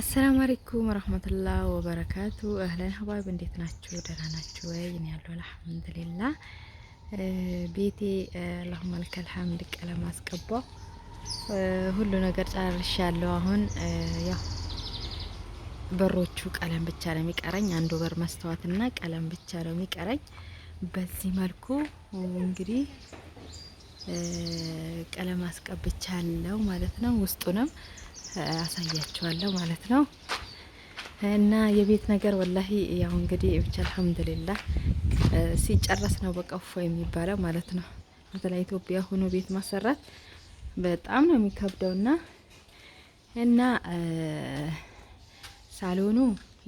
አሰላሙ አለይኩም ወረህመቱላህ ወበረካቱ። አህለን ሀባብ እንዴት ናችሁ? ደህና ናችሁ ወይ? እኔ ያለው አልሐምዱሊላህ። ቤቴ አላሁመ ለከል ሐምድ ቀለም አስቀባው ሁሉ ነገር ጨርሻለሁ። አሁን ያው በሮቹ ቀለም ብቻ ነው የሚቀረኝ። አንዱ በር መስተዋትና ቀለም ብቻ ነው የሚቀረኝ። በዚህ መልኩ እንግዲህ ቀለም አስቀብቻለሁ ማለት ነው ውስጡንም አሳያችኋለሁ ማለት ነው። እና የቤት ነገር ወላሂ ያው እንግዲህ ብቻ አልሐምዱሊላህ ሲጨረስ ነው በቃ የሚባለው ማለት ነው። በተለይ ኢትዮጵያ ሆኖ ቤት ማሰራት በጣም ነው የሚከብደውና እና ሳሎኑ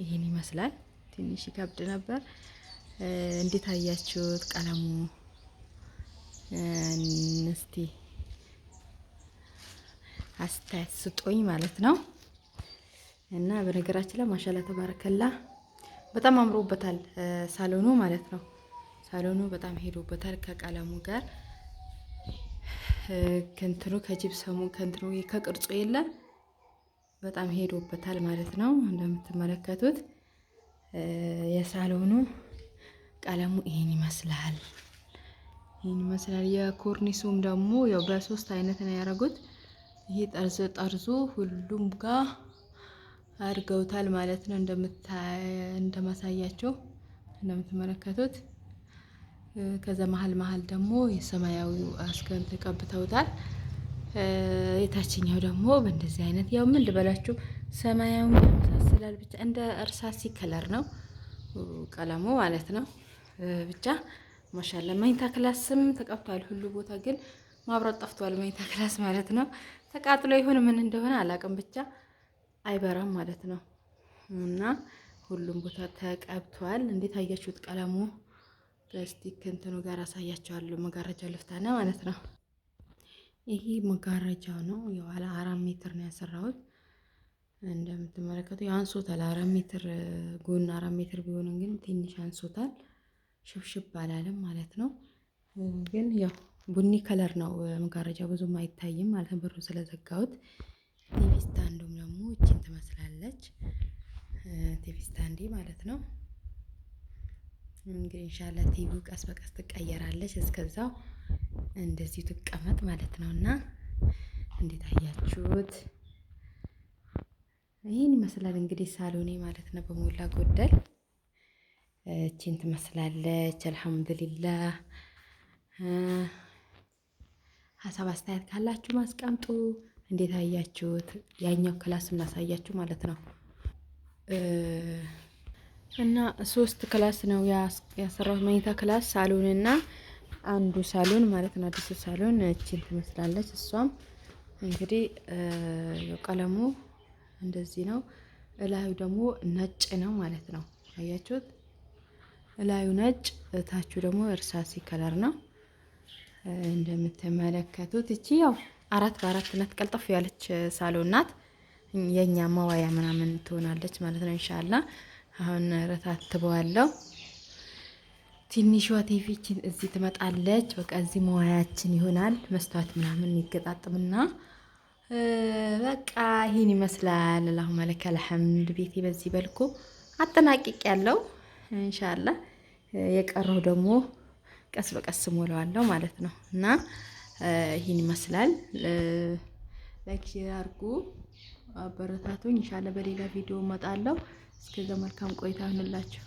ይህን ይመስላል። ትንሽ ይከብድ ነበር። እንዴት አያችሁት? ቀለሙ እስቲ አስተያየት ስጦኝ ማለት ነው። እና በነገራችን ላይ ማሻላ ተባረከላ በጣም አምሮበታል ሳሎኑ ማለት ነው። ሳሎኑ በጣም ሄዶበታል ከቀለሙ ጋር ከንትኑ ከጅብሰሙ ከንትኑ ከቅርጹ የለ በጣም ሄዶበታል ማለት ነው። እንደምትመለከቱት የሳሎኑ ቀለሙ ይሄን ይመስላል። ይህን ይመስላል። የኮርኒሱም ደግሞ ያው በሶስት አይነት ነው ያደረጉት። ይሄ ጠርዝ ጠርዙ ሁሉም ጋር አድርገውታል ማለት ነው። እንደማሳያቸው እንደምትመለከቱት ከዛ መሀል መሀል ደግሞ የሰማያዊ አስገን ተቀብተውታል። የታችኛው ደግሞ በእንደዚህ አይነት ያው ምን ልበላችሁ ሰማያዊ ያመሳስላል። ብቻ እንደ እርሳሲ ከለር ነው ቀለሙ ማለት ነው። ብቻ ማሻላ መኝታ ክላስም ተቀብቷል ሁሉ ቦታ ግን ማብራት ጠፍቷል። መኝታ ክላስ ማለት ነው። ተቃጥሎ ይሁን ምን እንደሆነ አላውቅም፣ ብቻ አይበራም ማለት ነው። እና ሁሉም ቦታ ተቀብቷል። እንዴት አያችሁት? ቀለሙ ፕላስቲክ እንትኑ ጋር አሳያቸዋለሁ። መጋረጃ ልፍታነ ማለት ነው። ይሄ መጋረጃው ነው። የኋላ አራት ሜትር ነው ያሰራሁት እንደምትመለከቱ አንሶታል። አራት ሜትር ጎን አራት ሜትር ቢሆንም ግን ትንሽ አንሶታል። ሽብሽብ አላለም ማለት ነው ግን ያው ቡኒ ከለር ነው መጋረጃ ብዙም አይታይም ማለት ነው፣ በሩን ስለዘጋሁት። ቲቪ ስታንዱም ደግሞ እችን ትመስላለች። ቲቪ ስታንዲ ማለት ነው። እንግዲህ እንሻላ ቲቪው ቀስ በቀስ ትቀየራለች። እስከዛው እንደዚሁ ትቀመጥ ማለት ነው። እና እንዴት አያችሁት? ይህን ይመስላል እንግዲህ ሳሎኔ ማለት ነው በሞላ ጎደል እችን ትመስላለች። አልሐምዱሊላህ ሀሳብ አስተያየት ካላችሁ ማስቀምጡ። እንዴት አያችሁት? ያኛው ክላስ እናሳያችሁ ማለት ነው እና ሶስት ክላስ ነው ያሰራሁት መኝታ ክላስ፣ ሳሎን እና አንዱ ሳሎን ማለት ነው። አዲሱ ሳሎን እችን ትመስላለች። እሷም እንግዲህ ቀለሙ እንደዚህ ነው። እላዩ ደግሞ ነጭ ነው ማለት ነው። አያችሁት? እላዩ ነጭ፣ እታችሁ ደግሞ እርሳሴ ከለር ነው። እንደምትመለከቱት እቺ ያው አራት በአራት ናት። ቀልጠፍ ያለች ሳሎን ናት። የእኛ መዋያ ምናምን ትሆናለች ማለት ነው። እንሻላ አሁን ረታትበዋለው። ትንሿ ቲቪችን እዚህ ትመጣለች። በቃ እዚህ መዋያችን ይሆናል። መስተዋት ምናምን ይገጣጥምና በቃ ይህን ይመስላል። ላሁ መለክ አልሐምድ። ቤቴ በዚህ በልኩ አጠናቅቅ ያለው እንሻላ የቀረው ደግሞ ቀስ በቀስ ሞላዋለሁ ማለት ነው። እና ይህን ይመስላል። ላይክ ሼር አድርጉ፣ አበረታቱኝ። ኢንሻአላህ በሌላ ቪዲዮ እመጣለሁ። እስከዛ መልካም ቆይታ ይሁንላችሁ።